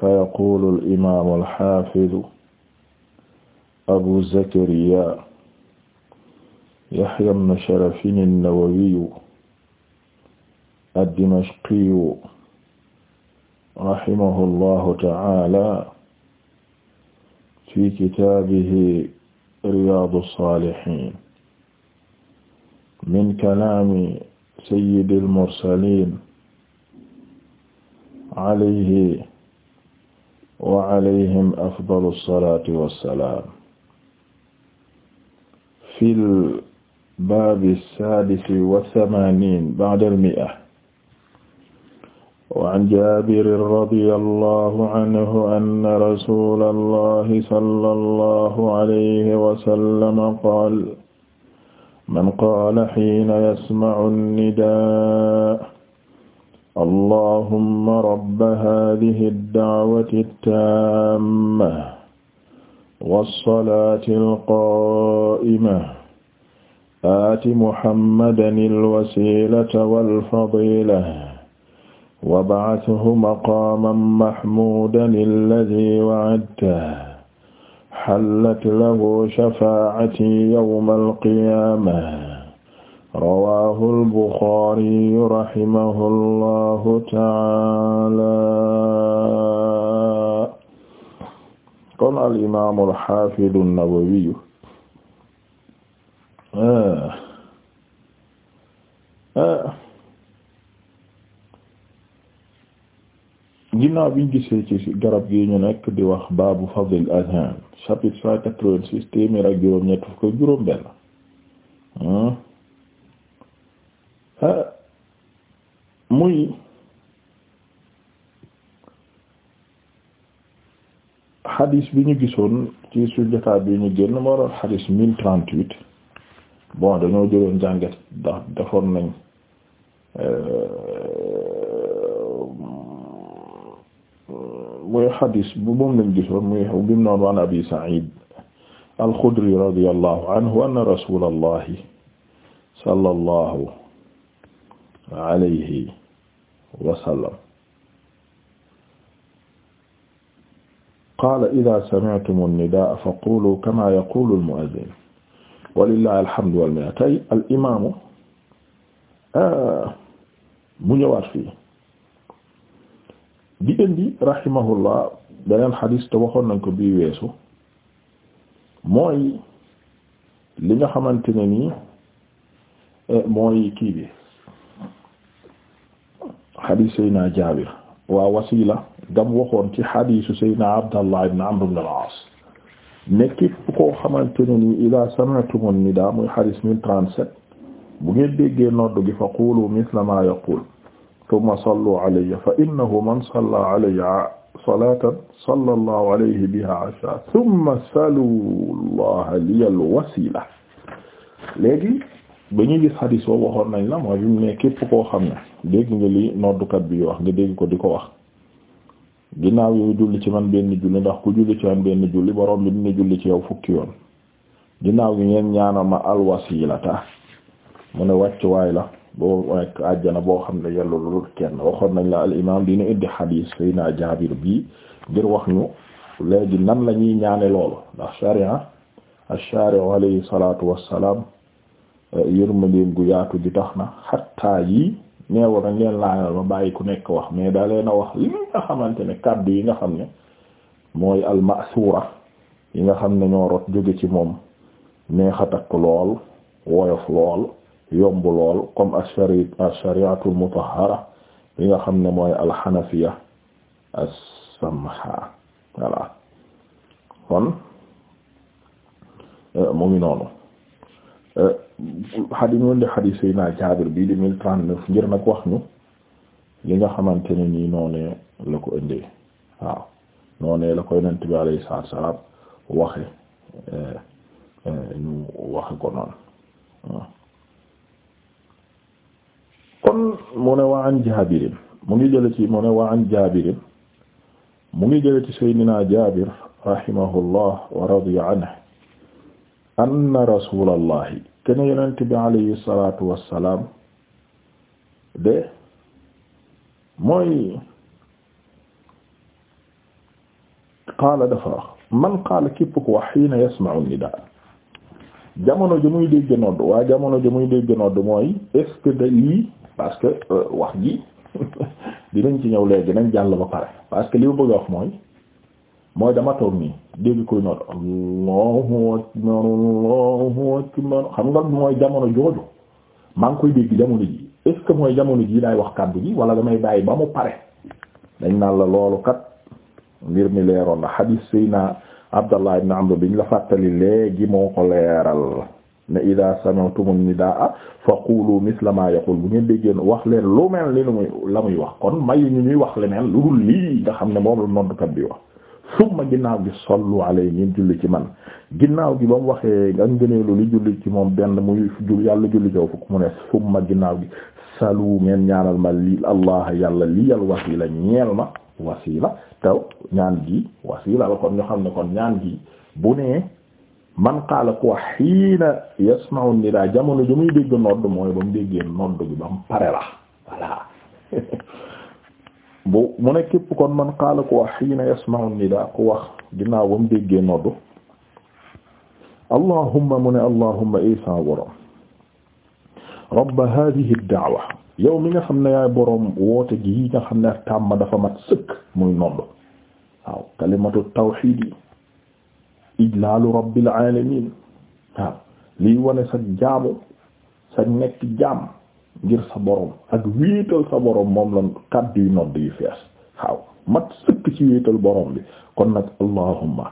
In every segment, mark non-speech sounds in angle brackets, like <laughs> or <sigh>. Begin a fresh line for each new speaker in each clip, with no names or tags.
فيقول الإمام الحافظ أبو زكريا يحيى بن شرف النووي الدمشقي رحمه الله تعالى في كتابه رياض الصالحين من كلام سيد المرسلين عليه wa alayhim afdalu salaati wa salaam. fil baabi saadisi wa samaaniin ba'dal mi'a. wa an jaabirin radiyallahu anhu anna rasuulallahi sallallahu alayhi wa sallam qaala man qaala hiina yasma'u nnidaa allahumma rabba haadihi da'wati taamma wassalaati alqaa'ima aati muhammadan alwasilata walfadila wab'athhu maqaaman mahmuudan alladhii wa'adtahu hallat lahu shafaa'atii yawma alqiyaama rawaahu al-Buxaari rahimahullahu ta'aala kon al-imaamu al-xaafidu an-Nawawi ah, ah. ginnaaw biñ gisee ci garab gi ñu nekk di wax baabu fadlil azaan chapitre cent quatre-vingt-six ak juróom-ñett fukk ak juróom ah. muy xadis bi ñu gisoon ci suñu bi ñu génn moo doon xadis mille trente huit bon dañoo jëloon jàngat ndax defoon nañ euh, muy xadis bu moom lañ gisoon muy bi mu noon waan abi Saïd al-Khudri radiyallahu anhu anna rasulallahi sallallahu alayhi wasallam qaala idaa sami'tumu nnidaa faqulu kamaa yaqulu al-mu'adhdhin walillahi alhamdu wal minna tey al imaamu ah, mu ñëwaat fii di indi rahimahullah beneen xadis te waxoon nañ ko bii weesu mooy li nga xamante ne nii eh, mooy kii bi. xadiis Seydina Jaabir waa wasiila gam waxoon ci xadiisu Seydina Abdallah ibn Amr ibn al-Aas ne képp koo xamante ne nii idaa sami'tumu nidaa muy xadiis mille trente-sept bu ngeen déggee noddu gi fa quulu misla maa yaquul thumma sallu alayya fa innahu man salla alayya salaatan salla allahu alayhi bihaa ashaa thumma salu allaha liya al-wasiila léegi ba ñu gis xadis boobu waxoon nañ la mooy bi mu ne képp koo xam ne dégg nga li noddukat bi wax nga dégg ko di ko wax ginnaaw yooyu julli ci man benn julli ndax ku julli ci man benn julli borom bi dina julli ci yow fukki yoon ginnaaw gi ngeen ñaanal ma alwasilata mu ne wàcc waay la boo nekk àjjana boo xam ne yellu lu kenn waxoon nañ la al imam dina indi xadis fay naa jaabir bii ngir wax ñu léegi nan lañuy ñaane loolu ndax sharia ash-shari'u alayhi salatu wassalam yërmandeem gu yaatu di tax na xattaa yi neewal nañ leen laajal ba bàyyi ku nekk wax mais da leen a wax li nga xamante ne kàddu yi nga xam ne mooy almasura yi nga xam ne ñoo rot jóge ci moom neex a takk lool woyof lool yomb lool comme ashari ashariatul mutahhara yi nga xam ne mooy alxanafiya as-samha voilà kon euh, mu ngi noonu euh, xadis ñu woon di xadis Seydina Jaabir di mille trente neuf ngir nag wax ñu li nga xamante ne nii noonee la ko indee waaw noonee la ko yonent bi alayhi salaatu salaam waxe eh, eh, ñu waxe kon mu ne an Jaabirin mu ngi jële ci mu ne waa ngi jële ci Seydina Jaabir rahimahullah wa radiya anhu anna rasuulallahi kene yonent bi alayhi salaatu wassalaam de mooy qaala dafa wax man qaala képp ko wax xiina yasma'u nidaa jamono ji muy dégg nodd waaye jamono ji muy dégg nodd mooy est-ce lii parce que euh, wax ji <laughs> dinañ ci ñëw léegi nañ jàll ba pare parce que li ma bëgg a wax mooy mooy dama toog nii dégg koy noot allahu akbar allahu akbar xam nga mooy jamono jooju maa ngi koy dégg jamono ji est ce que mooy jamono ji daay wax kàddu gi wala damay bàyyi ba mu pare dañ naan la loolu kat mbir mi leeroon na hadis sayna abdallah ibn amr biñ la fàttali léegi moo ko leeral ne ida sami'tumu nidaa fa qulu misla ma yaqul bu ngeen déggeen wax leen lu mel ni lu muy la muy wax kon mayu ñu ñuy wax leneen lu dul lii nga xam ne moom la noddukat bi wax summa ginnaaw gi sallu alayhi ngeen julli ci man ginnaaw gi ba mu waxee ak ngëneelu li julli ci moom benn muy jul yàlla julli jow fukk mu ne summa ginnaaw gi salu ngeen ñaanal ma li allah yàlla li al wasila ñeel ma wasila taw ñaan gi wasila la kon ñu xam ne kon ñaan gi bu nee man qaala ko xiina yasma'u nidaa jamono ji muy dégg nodd mooy ba mu déggee nodd bi ba mu pare la voilà <laughs> bu mu ne képp kon man qaala ku wax xiina yasma'u nidaa ku wax ginnaaw ba mu déggee noddu allahumma mu ne allahumma isa borom rabba daawa yow mi nga xam ne yaay borom woote gi nga xam ne tàmm dafa mat sëkk muy noddu waaw kalimatu tawxiid yi ijlaalu rabbil alamin waaw wane sa jaamu sa nekk jaam ngir sa borom ak wéetal sa borom moom la kàddu yu nodd yu fees waaw mat sëkk ci wéetal borom bi kon nag allahumma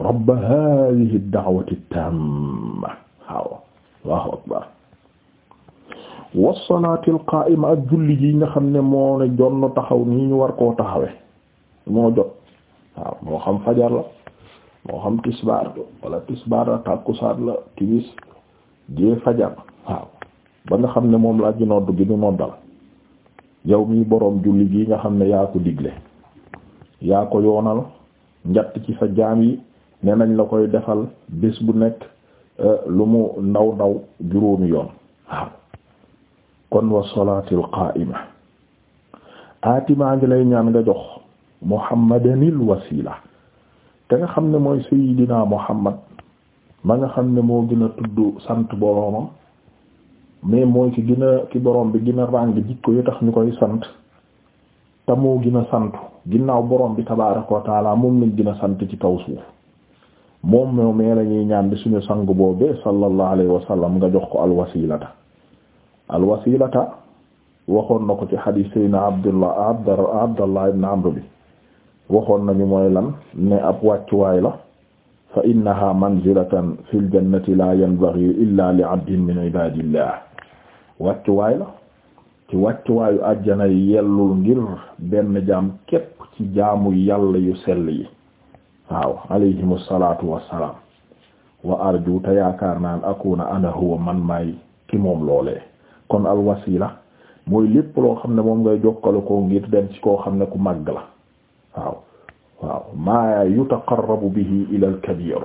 rabba hadhihi dawati at-tamma waaw akbar was-salati al ak julli ji nga xam ne moo ne jon na taxaw nii ñu war koo taxawe moo jot waaw moo xam fajar la moo xam tisbaar wala tisbaar la la timis jee fajar waaw ba nga xam ne moom la aji nodd gi ñu noddal yow mi boroom julli gi nga xam ne yaa ko digle yaa ko yoonal njatt ci sa jaam yi ne nañ la koy defal bés bu nekk euh, lu mu ndaw ndaw juróomi yoon waaw kon wa salaatil qaa'ima aatimaa ngi lay ñaan nga jox muhammadanil wasila te nga xam ne mooy sayyidina muhammad ba nga xam ne moo gën a tudd sant boroomam mais mooy ci gën a ki borom bi gën a ràng jikko yu tax ñu koy sant te moo gën a santu ginnaaw borom bi tabaaraka wa moom lañ gën a sant ci kaw suuf moom moom mee lañuy ñaan di suñu sang boobee sallallahu alayhi wa sallam nga jox ko alwasilata alwasilata waxoon na ko ci xadiis sayna abdullah abdallah ibn amr bi waxoon nañu mooy lan ne ab wàccuwaay la fa innaha manzilatan fil jannati la yanbaghi illa li abdin min ibadillah wàccuwaay la ci wàccuwaayu àjjana yellul ngir benn jaam képp ci jaamu yàlla yu sell yi waaw alayhimu salaatu wassalaam wa arju te yaakaar naan akuna ana huwa man maay ki moom loolee kon al mooy lépp loo xam ne moom ngay jokkale ko ngir dem ci koo xam ne ku màgg la waaw waaw maa yutaqarrabu bihi ila al kabir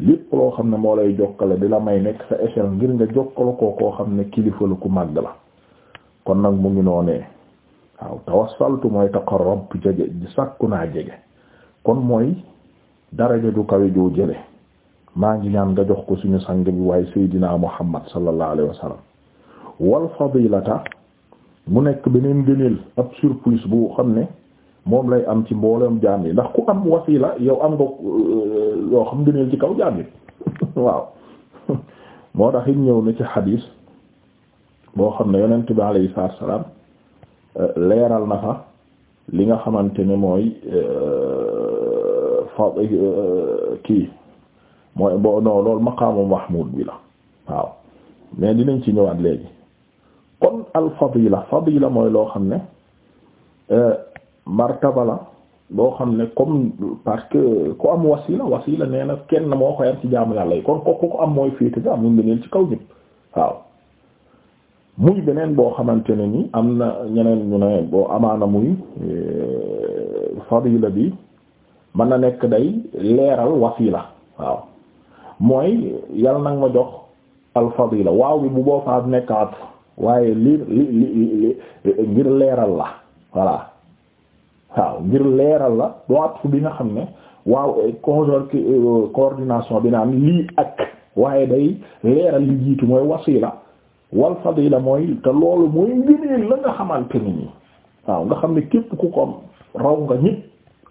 lépp loo xam ne moo lay jokkale di la may nekk sa échelle ngir nga jokkale ko koo xam ne kilifa la ku màgg la kon nag mu ngi noonee waaw tawassaltu mooy taqarrabtu jege sàkku naa jege kon mooy daraja du kawe joo jële maa ngi ñaan nga jox ko suñu sang bi waaye Seydina Muhammad sallallahu alayhi wa sallam wal fadilata mu nekk beneen gëneel ab surprise bu xam ne moom lay am ci mboolem jaam yi ndax ku am wasila yow am nga yoo euh, xam ngëneel ci kaw jaam yi <laughs> waaw <laughs> moo tax ñëw na ci xadiis boo xam ne yonent bi alayhi salaatu wa salaam euh, leeral na fa li nga xamante ne mooy euh, fa kii mooy bo non loolu maqaamu mahmud bi la waaw mais dinañ ci ñëwaat léegi kon al fadila fadila mooy loo xam ne martaba la boo xam ne comme parce que ku am wasila wasila nee na kenn moo ko ci jaamu yàlla yi kon kooku ko am mooy féete bi amul kaw ñëpp muy beneen boo xamante ne ni am na ñeneen ñu ne boo amaana muy eh, fadila bi mën na nekk day leeral wasila waaw mooy yàlla nag ma jox al fadila waaw bi bu boo faat nekkaat waaye li li li ngir leeral la voilà waaw ngir leeral la doit bi nga xam ne waaw euh, coordination bi naan lii ak waaye day leeral li jiitu mooy wasila wal fadila mooy te loolu mooy ngëneel la nga xamante ni nii waaw nga xam ne képp ku ko am raw nga ñëpp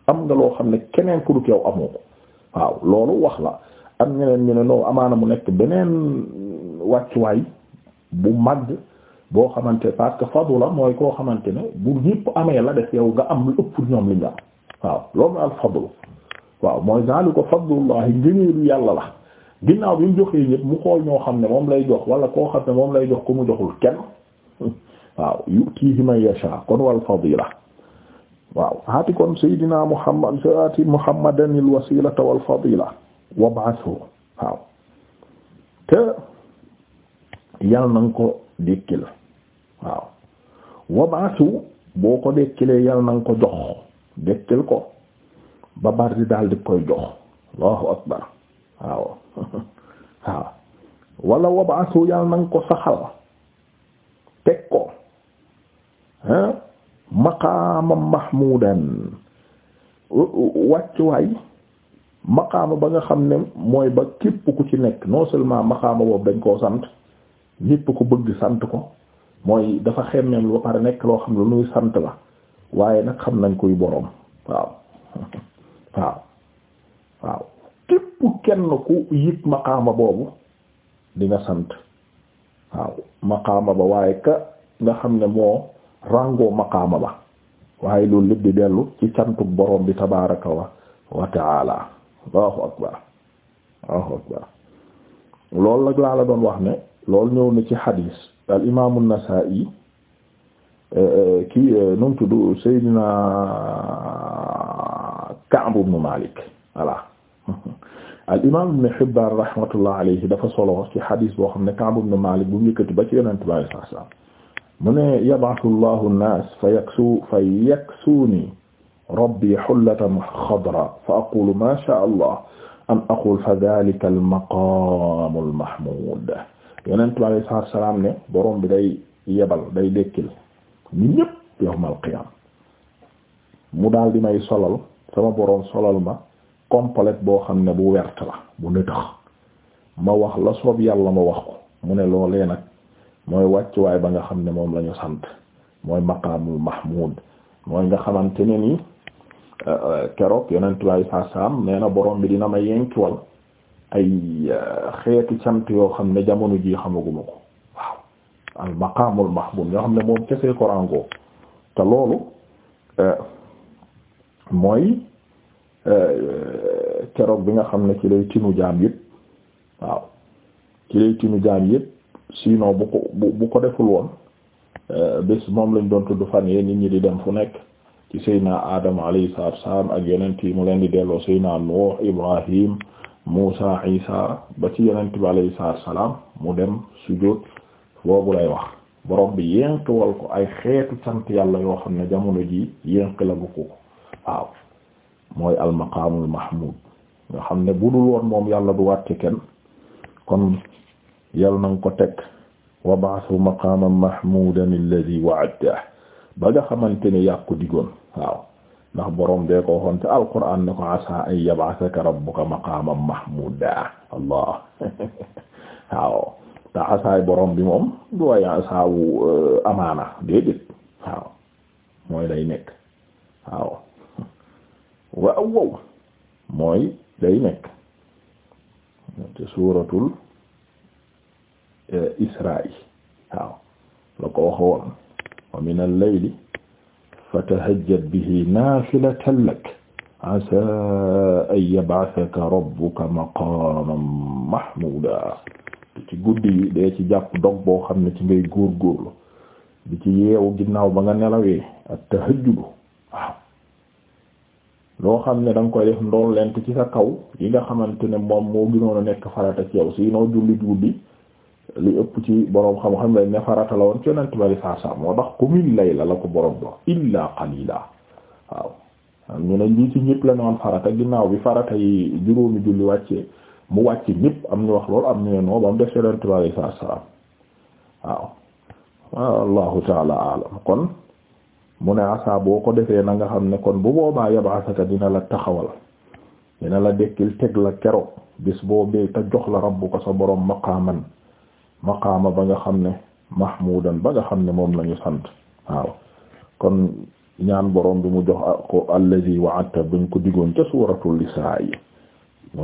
am nga loo xam ne keneen ku dul yow amoo waaw loolu wax la am ñeneen ñu ne noo amaana mu nekk beneen wàccuwaay bu mag boo xamante parce que fadula mooy koo xamante ne bu ñëpp amee la def yow nga am lu ëpp ñoom li nga am waaw loolu mooy al fadlu waaw mooy daal ko fadlullahi yàlla la ginnaaw bi mu joxee ñëpp mu xool ñoo xam ne moom lay jox wala koo xam ne moom lay jox ko mu joxul kenn <laughs> waaw yutihi man yasha kon wal fadila waaw haati kon saydina muhammad haati muhammadan al wasilata wal fadila wab'athu waaw te yàlla na nga ko la waaw wabaasu boo ko dekkilee yàlla na nga ko jox dekkil ko ba bari daal di koy jox allahu akbar waaw <laughs> waaw wala wabaasu yàlla ko saxal teg ko ah maqaama mahmuudan wàcc waay maqaama ba nga xam ne mooy ba képp ku ci nekk non seulement maqaama boobu dañ koo sant ñépp ko bëgg sant ko mooy dafa xemmeem lu pare nekk loo xam lu nuy sant la waaye nag xam nañ koy boroom waaw <laughs> waaw waaw képp kenn ku yit maqaama boobu di nga sant waaw maqaama ba waaye ka nga xam ne moo ràngoo maqaama ba waaye loolu lépp di dellu ci cantuk boroom bi tabaraka wa wa taala allahu loolu la laa la doon wax ne loolu ñëw na ci xadiis al imaamu Nasaa'i kii nu mu tudd Seydina Ka'b ibn Malik voilà al imaam Ibn Hibbaan rahmatullah alayhi dafa solo ci xadis boo xam ne Ka'b ibn Malik bu mu yëkkati ba ci Yonent bi sallallahu alayhi wasallam mu ne yab'athu Allahu an-naas fa yaksu fa yaksuuni rabbi hullatan xadra fa aqulu maa shaa Allah an aqul fa dhaalika al-maqaamu al-mahmuud yonent bi alayhi salaam ne borom bi day yebal day dekkil ñu ñëpp yawmal qiyaam mu daal di may solal sama borom solal ma complet boo xam ne bu wert la bu nëtëx ma wax la soob yàlla ma wax ko mu ne loolee nag mooy wàccuwaay ba nga xam ne moom la ñu sant mooy maqaamul mahmud mooy nga xamante ne ni euh, euh, keroog yonent bi alayhi nee na borom bi dina ma yenkiwal ay euh, xeeti cant yoo xam ne jamono ji xamaguma ko waaw al maqaamul mahbub yoo xam ne moom kese Coran te loolu euh, mooy euh, keroog bi nga xam ne ci lay tinu jaam yëpp waaw ci lay tinu jaam yëpp siino bu ko bu ko deful woon bés moom lañ doon tudd fan yee nit ñi di dem fu nekk ci Seyna Adama alayhi salaatu wa ak yeneen yi mu leen di delloo Seyna Nuh Ibrahim Muusa Isa ba ci yonent bi alayhi salaam mu dem sujjóot boobu lay wax borom bi yénqiwal ko ay xeetu sant yàlla yoo xam ne jamono ji yénqi la ko waaw mooy almaqaamul mahmud nga xam ne bu dul woon moom yàlla du wàcc kenn kon yàlla na nga ko teg wa ba'athu maqaaman mahmuudan alladhi wa'adtahu ba nga xamante ne yàqu ko digoon waaw ndax borom bee ko xonte alquran ne ko asa an yab'athaka rabbuka maqaman mahmuda allah <laughs> waaw te asaay borom bi moom du way asaawu eh, amaana déedéet waaw mooy day nekk waaw waaw wow mooy day nekk suuratul eh, isra'i waaw la ko wa min al fatahajjad bihi naafilatan lak asaa an yab'athaka rabbuka maqaaman mahmuuda ci guddi yi dee ci jàpp dog boo xam ne ci ngay góorgóorlu di ci yeewu ginnaaw ba nga nelawee ak tahajjudu waaw loo xam ne da nga koy def ndool lent ci sa kaw yi nga xamante ne moom moo gënoon a nekk farata ci yow si noo julli guddi li ëpp ci borom xam-xam lañ ne farata la woon ci bari saa saa moo tax kumil layla la ko borom dox illa qalila waaw ñu ne lii ci ñëpp la noon farata ginnaaw bi farata yi juróomi julli wàccee mu wàcc ñëpp am ñu wax lool am ñu ne noo ba mu def yonent bari saa saa waaw wallahu taala alam kon mu ne asaa boo ko defee na nga xam ne kon bu boobaa yabaasaka dina la taxawal dina la dekkil teg la keroog bis boo bee te jox la ko sa borom maqaaman maqaama ba nga xam ne mahmudan ba nga xam ne moom lañu sant waaw kon ñaan borom bi mu jox ko allazi buñ ko digoon ca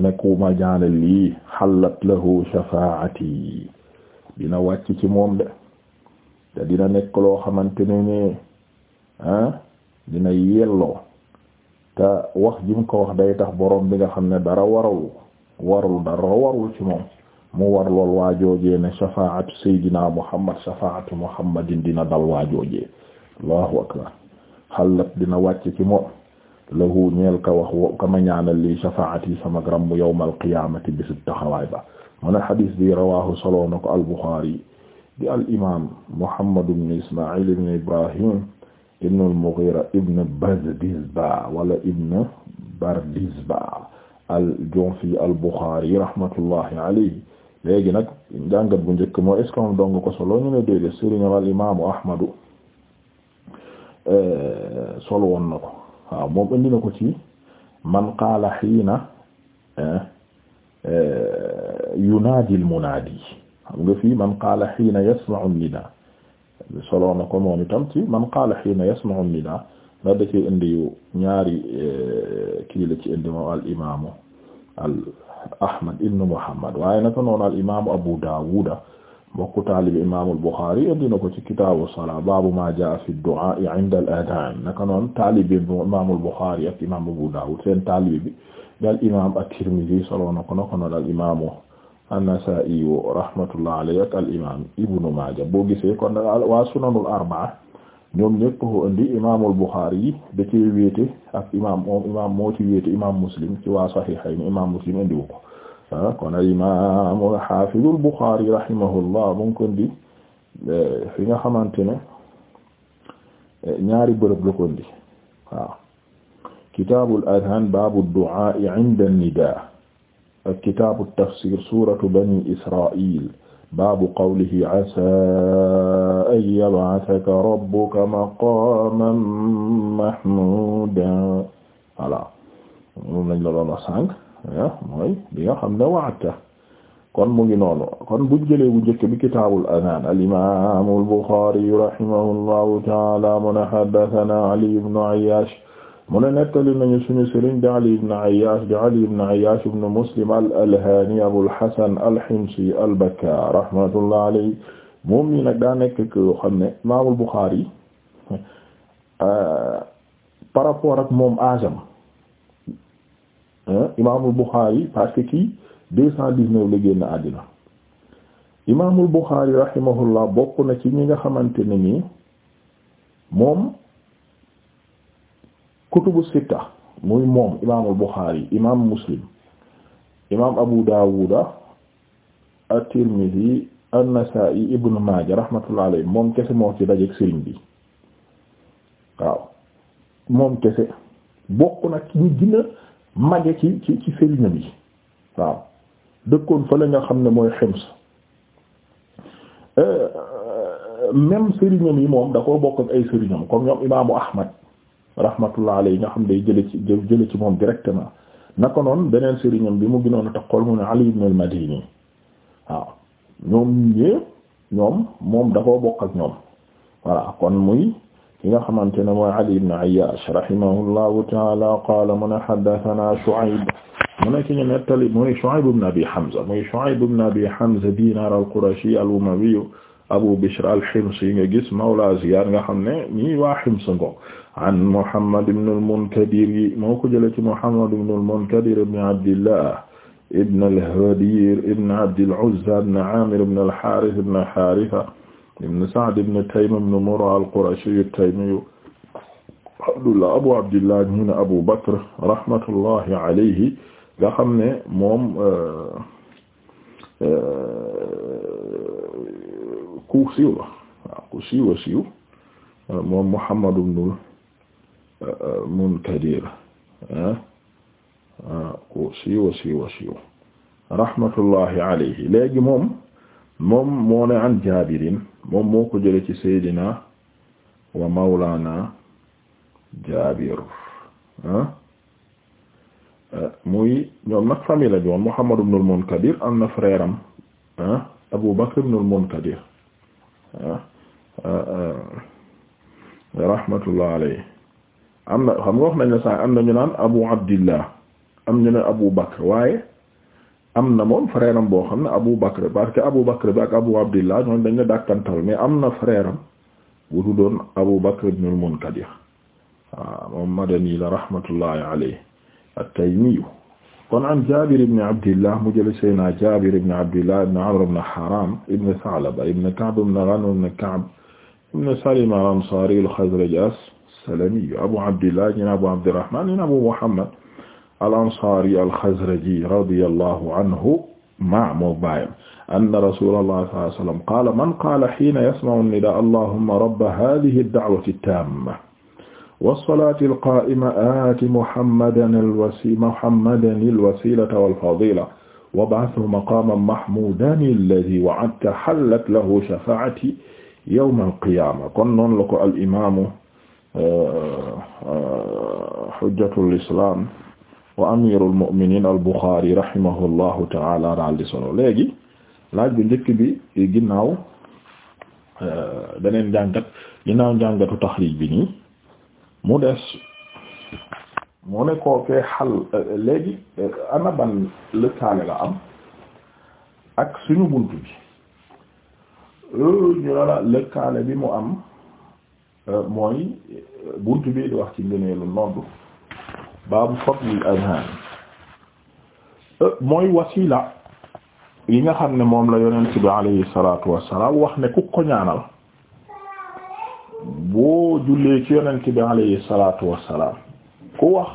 nekk wu ma jaanal lii xallat lahu shafaati dina wàcc ci moom de dina nekk loo xamante ne ne ah dina yelloo wax ji ko wax day tax borom bi nga xam ne dara warul warul dara warul ci moom mu war lool waajoojee ne shafaatu seydina muhammad shafaatu muhammadin dina dal waajoojee allahu akbar xalat dina wàcc ci moom lahu ñeel ka wax wo kama ñaanal li shafaati sama gram mu yawmal qiyaamati bisub taxawaay ba mu ne xadiis bi rawaahu soloo na ko al buxaari di al imaam muhammad ibn ismail ibn ibrahim ibn al mughira ibn bazdisba wala ibn bardisba al jonfi al buxaari rahmatullahi alayhi léegi nag jàngat bu njëkk moo est ce ko solo ñu ne déedéet sëriñam al imaamu Ahmadu euh, solo woon na ko waaw moom indi ko ci man qaala xiina euh, yunaadi al munaadi xam nga fii man qaala xiina yasma'u nidaa solo na ko moom ci man qaala xiina yasma'u nidaa ndax da cee yu ñaari euh, kii la ci indi moom al Ahmad ibn Muhammad waaye naka noonu al imaamu Abu Daawuda mbokku taalib imaamul Buxaari indi na ko ci kitaabu salaa baabu maa jaa fi du'aa'i 'inda al-adaan naka noonu taalib imaamul Buxaari ak imaam Abu Daawud seen taalib bi dal imaam at-Tirmidi solo na rahmatullahi alayhi ak al Maaja boo gisee kon waa sunanul arba'a ñoom ñëpp ko indi imaamul Buxaari yi da cee wéete ak imaam moom imaam moo ci wéete imaam Muslim ci waa Sahihayn imaam Muslim indi wu ah, kon ay imaamul xaafizul Buxaari rahimahullah mu ngi ko indi eh, nga xamante ne eh, ñaari bërëb la ko indi waaw kitaabul adhaan baabu du'aa 'inda nidaa ak kitaabut bani Israa'iil baabu qawlihi asaa an yab'athaka rabbuka maqaaman mahmuudan voilà moom lañ la doon wax sànq ah, mooy bi nga xam ne waata kon mu ngi noonu kon buñ jëlee bu njëkk bi kitaabul adaan al imaamul buxaari rahimahullahu ta'aala mu ne haddathanaa ali ibnu ayyaash mu ne nettali nañu suñu sëriñ di Ali ibn Ayyash di Ali ibn Ayyash ibn Muslim al-Alhani Abul Hasan al-Himsi al-Bakka rahmatullah alayhi moom mii nag daa nekk ko xam ne Imaamul Bukhari <laughs> euh, par rapport ak moom aajam Imaamul Bukhari parce que kii deux cent dix-neuf la génn àddina Imaamul Bukhari rahimahullah bokk na ci ñi nga xamante ne nii moom kutubu sitta muy moom imaamul Buxaari imaam Muslim imaam Abu Daawuda at-Tirmidhi an-Nasaa'i ibnu Maaja rahmatullahi moom kese moo ci dajeek sëriñ bi waaw moom kese bokk nag ci ñu gën mage ci ci ci yi waaw dëkkoon fa la nga xam ne mooy Hims euh, euh, même sëriñam yi moom da ko bokk ak ay sëriñam comme ñoom imaamu Ahmad rahmatullah alayhi nga xam day jële ci jële ci moom directement naka noonu beneen sëriñam bi mu gënoon a taxawal mu ne Ali ibn al-Madini ñoom ñoom moom da koo bokk ñoom voilà kon muy ki nga xamante ne mooy Ali ibn Ayyash rahimahullahu ta'ala qaala mu ne haddathana Shu'ayb mu ne ki ñu nettali muy Shu'ayb ibn Abi Hamza muy Shu'ayb ibn Abi Hamza Dinar al-Qurashi al-Umawi Abu Bishr al-Himsi nga gis mawla Ziyad nga xam ne ñii waa Hims ngoo an Muhammad ibn al-Munkadir yi moo ko jëlee ci Muhammad ibn al-Munkadir ibn Abdillah ibn al-Hadir ibn Abdil Uzza ibn Amir ibn al-Harith ibn Haritha ibn Sa'd ibn Taym ibn Murra al-Qurashi at-Taymi Abdullah Abu Abdillah ñu ne Abu Bakr rahmatullahi alayhi nga xam ne moom euh, euh, ku siiw la waaw ku siiw a siiw moom Muhammad ibn Munkadir eh? ah, ku siiwa siiwa siiw rahmatullahi alayhi léegi moom moom moo ne an Jaabirin moom moo ko jële ci Seydina wa Mawlana Jaabir eh? Eh, muy ñoom nag famille la joon Muhammad ibn al-Munkadir am na frère am Abu Bakr ibn al-Munkadir rahmatullah alayhi am na xam nga wax nañ ne sax am na ñu naan Abu Abdillah am ñu ne Abu Bakr waaye am na moom frère boo xam ne Abu Bakr parce Abu Bakr bi ak Abu Abdillah ñoom dañ ne dàkkantal mais am na frère am bu tuddoon Abu Bakr ibn al-Munkadir waaw madani la rahmatullahi alayhi at-Taymi kon an Jabir ibn Abdillah mu jële Seydina Jabir ibn Abdillah ibn Amr ibn Haram ibn Tha'laba ibn Ka'b ibn Ka'b ibn Salima ansari al-Khazraji as-Salami Abu Abdillah ñi Abu Abdirrahman ñi Abu Muhammad al-Ansari al-Khazraji radiyallahu anhu ma moo bàyyam anna rasulallah sallallahu alayhi wa sallam qaala man qaala hiina yasma'u an-nidaa allahumma rabba haadhihi ad-da'wati at-taamma was-salaati al-qaa'ima aati muhammadan al-wasi muhammadan al-wasiilata wal-fadiilata wab'athhu maqaaman mahmuudan alladhii wa'adta hallat lahu shafaa'atii yawma al-qiyaama kon noonu la ko al-imaamu hujjatul islam wa amirul mu'minin al Bukhari rahimahullahu ta'ala daal di solo léegi laaj bu njëkk bi ginnaaw beneen njàngat ginnaaw njàngatu taxriij bi nii mu des mu ne koo fee xal ana ban lëkkaale la am ak suñu bunt bi ñu bi mu am. Euh, mooy euh, buntu bi di wax ci ngëneelu noddu baabu fadlil azan euh, mooy wasila yi nga xam ne moom la yonent bi alayhi salaatu wassalaam wax ne ku ko ñaanal boo jullee ci yonent bi alayhi salaatu wassalaam ku wax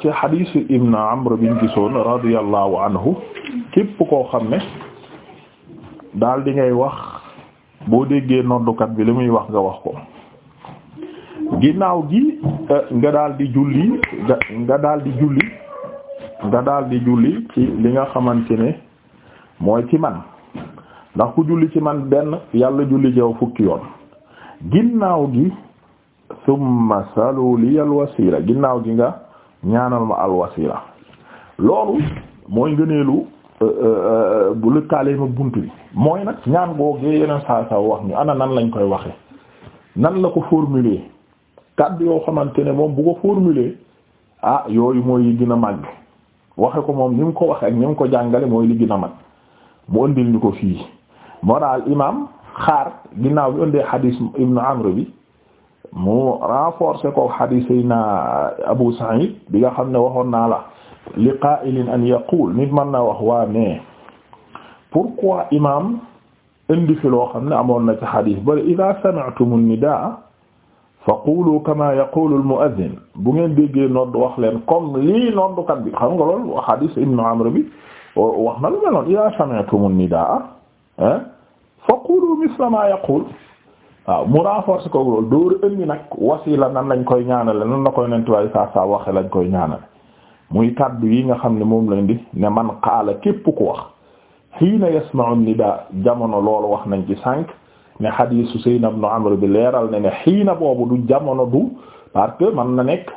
ci xadiis ibn Amr bin gisoon radiyallahu anhu képp koo xam ne daal di ngay wax boo déggee noddukat bi li muy wax nga wax ko ginnaaw gi euh, nga daldi di julli nga daal di julli nga daal julli ci li nga xamante ne mooy ci man ndax ku julli ci man benn yàlla julli ci fukki yoon ginnaaw gi summa salu li al ginnaaw gi nga ñaanal ma al wasila loolu mooy ngëneelu Euh, euh, euh, bu lëkkaalee ma bunt bi mooy nag ñaan googee yeneen saa saa wax ñu ana nan lañ koy waxe nan la ko formuler kàddu yoo xamante ne moom bu ko formuler ah yooyu mooy yi gën a màgg waxe ko moom ni mu ko waxe ak ni mu ko jàngale mooy li gën a mu ëndil ñu ko fii moo daal imaam xaar ginnaaw bi ëndee xadiis ibnu amr bi mu renforcer ko xadiis yi na abu sa'id bi nga xam ne waxoon naa la li qaa'ilin an yaqul nit mën na wax waa mais pourquoi imam indi fi loo xam ne amoon na ci xadiis bari idaa sami'tumu nidaa fa qulu kama yaqulu al-mu'adhdhin bu ngeen déggee nodd wax leen comme lii noddukat bi xam nga loolu xadiis ibnu amr bi wax na lu meloon idaa sami'tumu nidaa fa qulu misla ma yaqul waaw mu renforcer ko loolu dóoru indi nag wasiila nan lañ koy ñaanale nan la koy nentuwaay saa saa waxe lañ koy ñaanale muy kàddu yi nga xam ne moom lañ di ne man qaala képp ku wax xiina yasma'u nidaa jamono loolu wax nañ ci sànq ne xadiisu Sayyidina ibn Amr bi leeral ne ne xiina boobu du jamono du parce man na nekk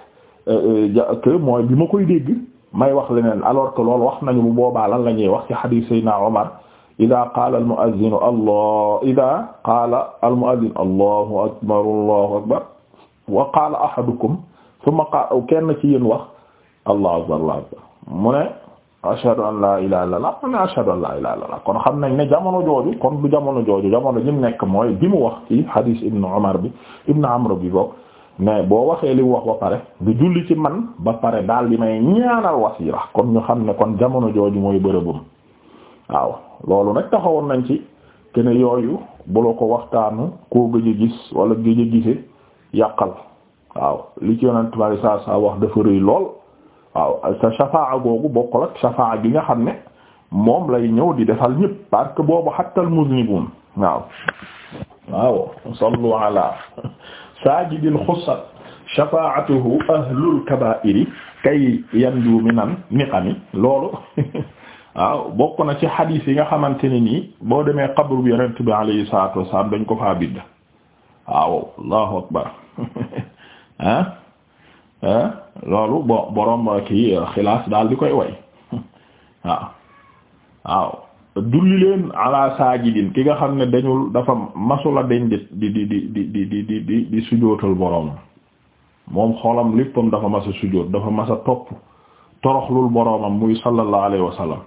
euh, euh, que mooy bi ma koy dégg may wax leneen alors que loolu wax nañu bu boobaa lan la ñuy wax ci xadiis Sayyidina Umar ida qaala almuazzinu allah ida qaala almuazzin allahu akbar allahu akbar wa qaala ahadukum thumma qaala kenn ci yéen wax allah akbar allah akbar mu ne ashhadu la ilaha mu ne ashhadu an la ilaha kon xam nañ ne jamono jooju kon du jamono jooju jamono ji nekk mooy bi mu wax ci hadis ibnu umar bi ibnu amr bi bokk mais boo waxee li mu wax ba pare du julli ci man ba pare daal di may ñaanal wasiila kon ñu xam ne kon jamono jooju mooy bërëbum waaw loolu nag taxawoon nañ ci kene yooyu bu ko waxtaanu koo gëj a gis wala gëj a gise yàqal waaw li ci yonent bi saa saa wax dafa rëy lool waaw sa shafaa googu bokkul ak shafaa nga xam ne moom lay ñëw di defal ñëpp parce que boobu hatta al muznibun waaw waaw sallu ala sajidil xussat shafaatuhu ahlul kabairi kay yandu minan niqami loolu waaw bokk na ci xadiis yi nga xamante ne nii boo demee qabru bi yonent bi alayhi salatu wassalam dañ ko faa allahu akbar ah <laughs> loolu bon borom kii euh, xilaas daal di koy way <laughs> waaw waaw dulli leen ala ki nga xam ne dañul dafa masula deñ di di di di di di di boroomam moom xolam léppam dafa masa sujoot dafa masa topp toroxlul boroomam muy sallallahu alayhi wa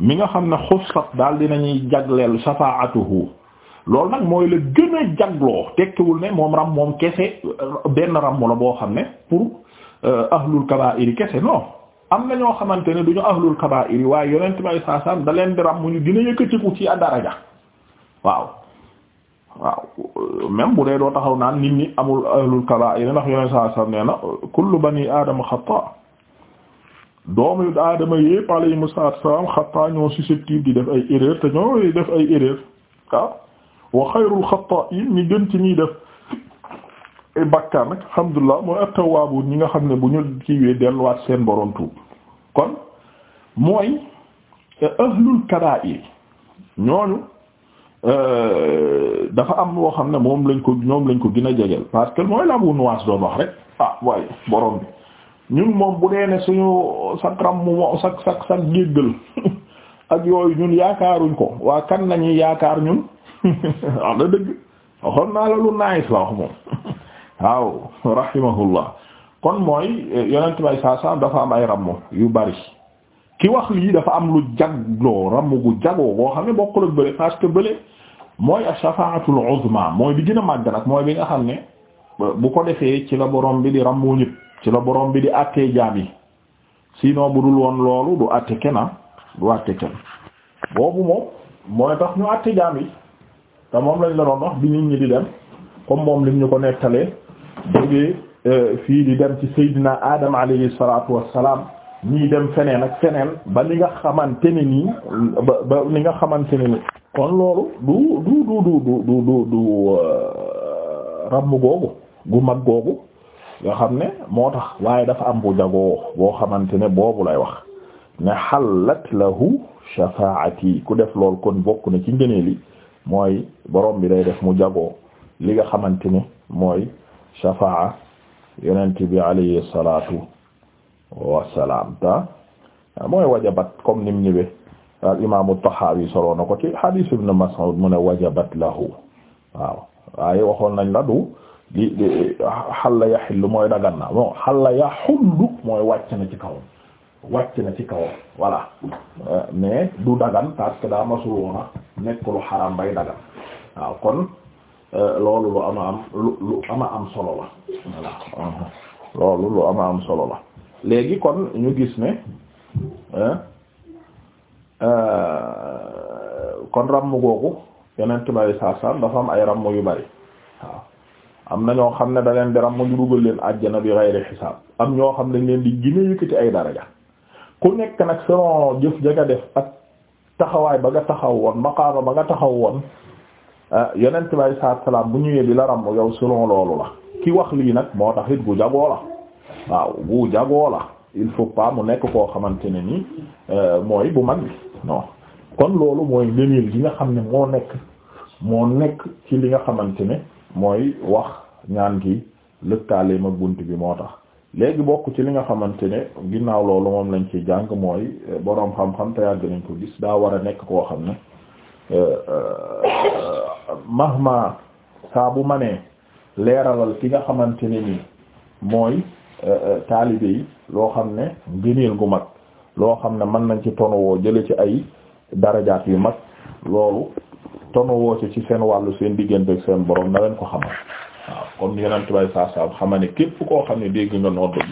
nga xam ne xussat daal dinañuy jagleel safaatuhu loolu nag mooy la gën a jagloo tekkiwul ne moom ram moom kese benn ram la boo xam ne pour Euh, ahlul kabaa'iri kese non am na ñoo xamante ne du ñu ahlul kabaa'iri waaye yonent may saasam da leen di mu ñu dina yëkkatiku ci daraja waaw waaw même bu dee doo taxaw naan nit ñi amul ahlul kabaa'iri ndax yonent saasam nee na kullu bani aadama xataa doomu aadama yépp alayhimu salaam xataa ñoo susceptible di def ay erreur te ñoo def ay erreur waaw wa xayrul xataa'iin ñi gën ci ñiy def bakkaar nag alhamdulilah mooy ñi nga xam ne bu ñu kiiwee delluwaat seen borom tuub kon mooy eh, ahlul kabaa'ir ñooñu eh, dafa am loo xam ne moom lañ ko ñoom lañ ko gin a jegeel parce que mooy la nuwaas doon wax rek ah waaye borom bi ñun moom bu dee ne suñu sa ram mu sak sak sak <laughs> ak yooyu ñun yaakaaruñ ko waa kan lañuy yaakaar ñun <laughs> wax na dëgg waxoon naa la lu naayis la wax moom <laughs> waaw rahimahullah kon mooy eh, yonent bay saa dafa am ay ramm yu bari ki wax lii dafa am lu jagloo ramm gu jagoo boo xam ne bokkul ak bële parce que bële mooy ash-shafa'atul uzma mooy bi gën a màgg nag mooy bi nga xam ne bu ko defee ci la borom bi di rammu ñëpp ci la borom bi di àttee jaam yi sinon bu dul woon loolu du àtte kenn du àtte kenn boobu moom mooy tax ñu àtte jaam yi te moom lañ la doon wax bi nit ñi di dem comme moom lim ñu ko nettalee jógee euh, fii di dem ci Seydina Adam alayhi salaatu wassalaam ñii dem feneen ak feneen ba li nga xamante ne nii ba ba nga xamante ne nii kon loolu du du du du du du du euh, googu gu mag googu nga xam ne moo tax waaye dafa am bu jagoo boo xamante ne boobu lay wax ne xallat lahu shafaati ku def lool kon bokk na ci ngëneel li mooy borom bi day def mu jagoo li nga xamante ne mooy shafaa yonent bi alayhi salatu wasalaam ta mooy wajabat comme nim ñëwee al imaamu Tahawi soloo na ko ci hadith ibn Mas'ud mu ne wajabat lahu waaw waaye waxoon nañ la du li li xalla yaxillu mooy dagan na bon xalla yaxullu mooy wàcc na ci kawam wàcc na ci kawam voilà eh, mais du dagan parce que daa masul woona nekk lu xaram bay dagan waaw kon Euh, loolu lu ama am lu lu ama am solo la loolu lu ama am solo la léegi kon ñu gis ne euh, kon ràmm googu yeneen tibari saa saa dafa am ay ràmm yu bari waaw am na ñoo xam ne da leen di ràmm ñu dugal leen àjjana bi gayri xisaab am ñoo xam ne dañ leen di gine yëkkati ay daraja ku nekk nag selon jëf ja nga def ak taxawaay ba nga taxaw woon maqaama ba nga taxaw woon Ah, yonent bi alayhi salaatu bu ñëwee di la ràmm yow selon loolu la ki wax lii nag moo tax it gu jagoo la waaw gu jagoo la il faut pas mu nekk koo xamante ne ni euh, mooy bu mag bi non kon loolu mooy ngëneel gi nga xam ne moo nekk moo nekk ci li nga xamante ne mooy wax ñaan gi lëkkaale ma bunt bi moo tax léegi bokk ci li nga xamante ne ginnaaw loolu moom lañu ci jàng mooy euh, boroom xam-xam te yàgg nañ ko gis daa war a nekk koo xam ne euh, mahma saa bu ma nee leeralal ki nga xamante ne mooy euh, euh, taalibe yi loo xam ne ngëneel gu mag loo xam ne mën nañ ci tonowoo jële ci ay darajaat yu mag loolu tonowoo ci ci seen wàllu seen diggante seen borom na leen ko xamal waaw comme yeneen tubaab saa saa xamal ne képp koo xam ne dégg nga nodd bi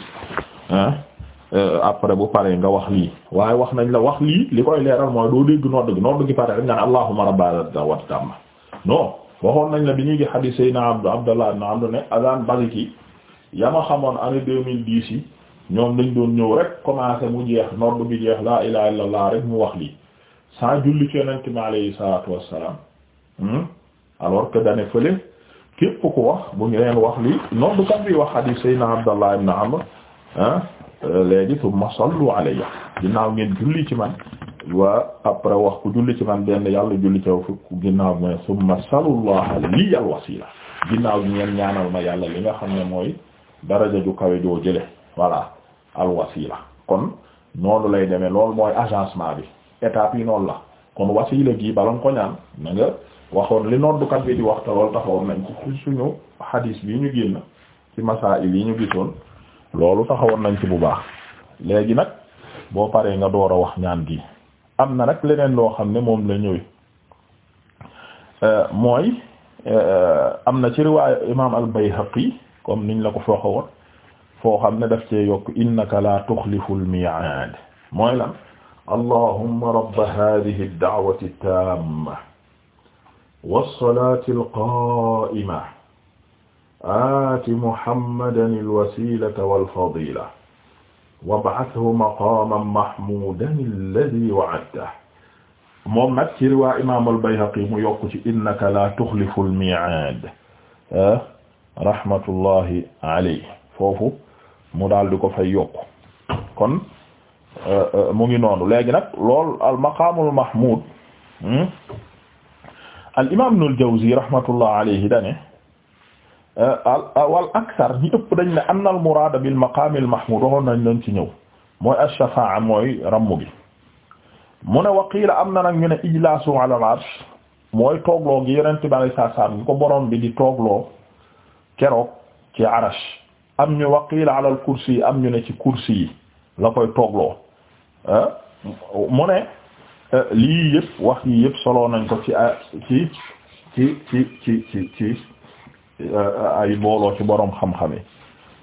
euh, après bu paree nga wax lii waaye wax nañ la wax lii li koy leeral mooy doo dégg nodd gi nodd gi pare rek nga ne allahumma rabbana wa tamma no waxoon nañ la bi ñuy gi xadiis Seydina Abdu Abdallah ibn Amr ne azan basiki yama xamoon année deux mille dix yi ñoom dañ doon ñëw rek commencé mu jeex nodd bi jeex laa ilaha illallah rek mu wax lii sans julli ci yonent mi alayhi salaatu wassalaam hmm? alors que dane fële képp ku wax bu ñu leen wax lii noddkat bi wax xadiis Seydina Abdallah ibn Amr ah léegi sallu alayya ginnaaw ngeen julli ci man waa après wax ku julli ci man benn yàlla julli ci wa fukk ginnaaw mooy summa salullaha li al wasila ginnaaw bi ngeen ñaanal ma yàlla li nga xam ne mooy daraja ju kawe joo jële voilà al wasila kon noonu lay demee lool mooy agencement bi étape yi noonu la kon wasila gii bala nga ko ñaan na waxoon li noddukat bi di waxta loolu taxawoon nañ ci suñu xadiis bi ñu génn ci masaa'il yi ñu gisoon loolu taxawoon nañ ci bu baax léegi nag boo paree nga door a wax ñaan gi am na rak leneen loo xam ne moom la ñëwee euh, mooy euh, am na ci riwaayu imaam al-Bayhaqi comme niñ la ko fooxa woon foo xam ne daf cee yokk innaka la tuxlifu al mooy la allahumma rabba haadihi ad-da'wati at-taamma was-salaati muhammadan al wal-fadiila wab'athu maqaaman mahmuudan alladhii wa'adtahu moom nag ci riwaa imaam al-Bayhaqi mu yokk ci innaka laa tuxlifu al-mii'aad ah, rahmatullahi alayhi foofu mu daal di ko fay yokk kon ah, ah, mu ngi noonu léegi nag lool al-maqaamul mahmuud hmm? al-imaam Ibnul Jawzi rahmatullahi alayhi dane Euh, euh, wal aksar ñu ëpp dañ ne anna al muraada bil maqaam al mahmuud waxoon nañ leen ci ñëw mooy ash-shafaa'a mooy ramm bi mu ne waqiila am na nag ñu ne ijlaasu ala al arsh mooy toogloo gi yonent bi alayhi salaam ñu ko borom bi di toogloo keroog ci arash am ñu waqiila ala al kursi am ñu ne ci kursi yi la koy toogloo euh, mu ne lii yëpp wax yi yëpp solo nañ ko ci ci ci ci ci ci Euh, ay mbooloo ci boroom xam-xam yi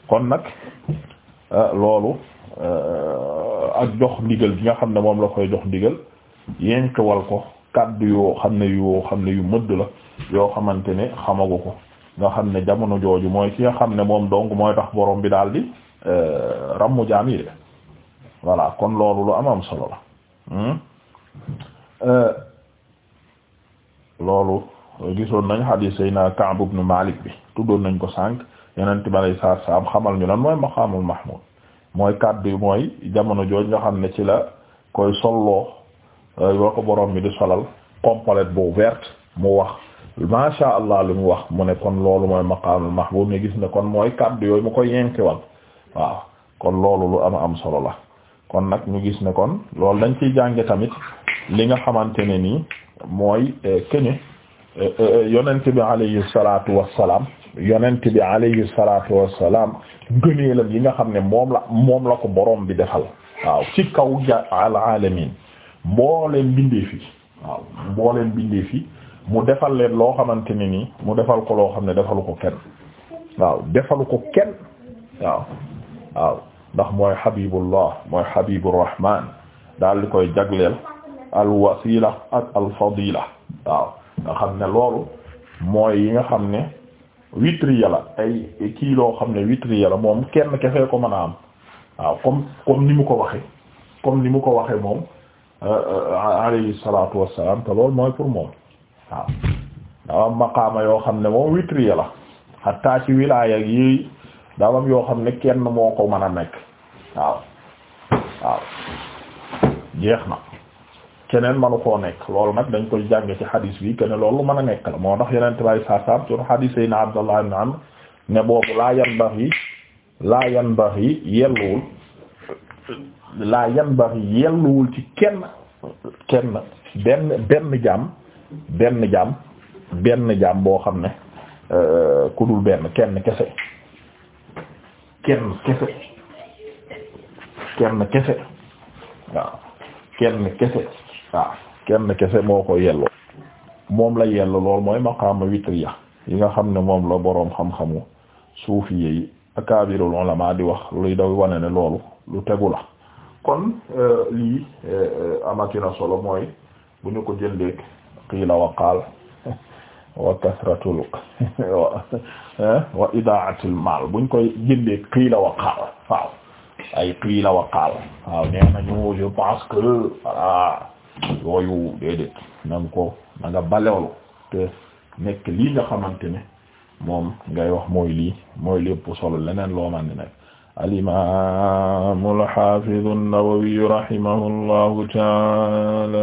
kon nag euh, loolu euh, ak jox ndiggal gi nga xam ne moom la koy jox ndigal yenkwal ko kàddu yoo xam ne yoo xam ne yu mëdd la yoo xamante ne xamagu ko nga xam ne jamono jooju mooy ki nga xam ne moom donc mooy tax borom bi daal di rammu jaam yi de voilà kon loolu lu am am solo la hmm? loolu gisoon nañ hadis sayna Ka'b ibn Malik bi tuddoon nañ ko sànq yeneen timalay saa saam xamal ñu lan mooy maqaamul mahmud mooy kàddu mooy jamono jooj nga xam ne ci la koy solloo euh, yoo ko borom bi di solal compalette bu verte mu wax masha Allah lu mu wax mu ne kon loolu mooy maqaamul mahmud ne gis ne kon mooy kàddu yooyu mu koy yenkewal waaw kon loolu lu am am solo la kon nag ñu gis ne kon loolu dañ ciy jànge tamit li nga xamante ne nii mooy euh, kene yonent bi alayhi salaatu wassalaam yonent bi alayhi salaatu wassalaam gëneelam yi nga xam ne moom la moom la ko boroom bi defal waaw ci kaw ja al alamin mbooleen bindee fi waaw mbooleen bindee fi mu defal leen loo xamante ne nii mu defal ko loo xam ne defalu ko kenn waaw defalu ko kenn waaw waaw ndax mooy habibullah mooy habibur rahman daal di koy jagleel al wasila al fadila waaw nga xam ne loolu mooy yi nga xam ne witri la ay kii loo xam ne witri la moom kenn kefee ko mën a am waaw comme comme ni mu ko waxe comme ni mu ko waxe moom euh, euh, alayhi salatu wassalam te loolu yoo xam ne moom witri la xatta ci wilaaya yi daawam yoo xam ne kenn moo ko mën a nekk waaw waaw jeex na keneen manu koo nekk loolu nag dañ koy jàng ci xadiis bi keneen loolu mën a nekk la moo tax yeneen bay saa saam sunu xadiis yi na Abdallah ibn ne boobu laa yan bax laa yan bax yelluwul laa yan bax yelluwul ci kenn kenn benn benn jaam benn jaam benn jaam boo xam ne euh, ku benn kenn kese kenn kese kenn kese waaw kenn kese waaw kenn kese moo ko yelloo moom la yelloo lool mooy maqaama witriya yi nga xam ne moom la boroom xam-xamu suufi yi akaabirul ulama di wax luy daw wane ne loolu lu tegu la kon euh, lii euh, euh, amatina solo mooy bu ñu ko jëndee qiila wa qaal <laughs> wa kasratul <laughs> wa idaatul maal buñ koy jëndee qiila wa qaal waaw ay qiila wa qaal waaw nee nañu je pense que voilà yooyu déedéet na nga ko na nga balewlu te nekk lii nga xamante ne moom ngay wax mooy lii mooy lépp solo leneen loo man di nekk al-imaam al-haafiz an-Nawawi rahimahullahu ta'ala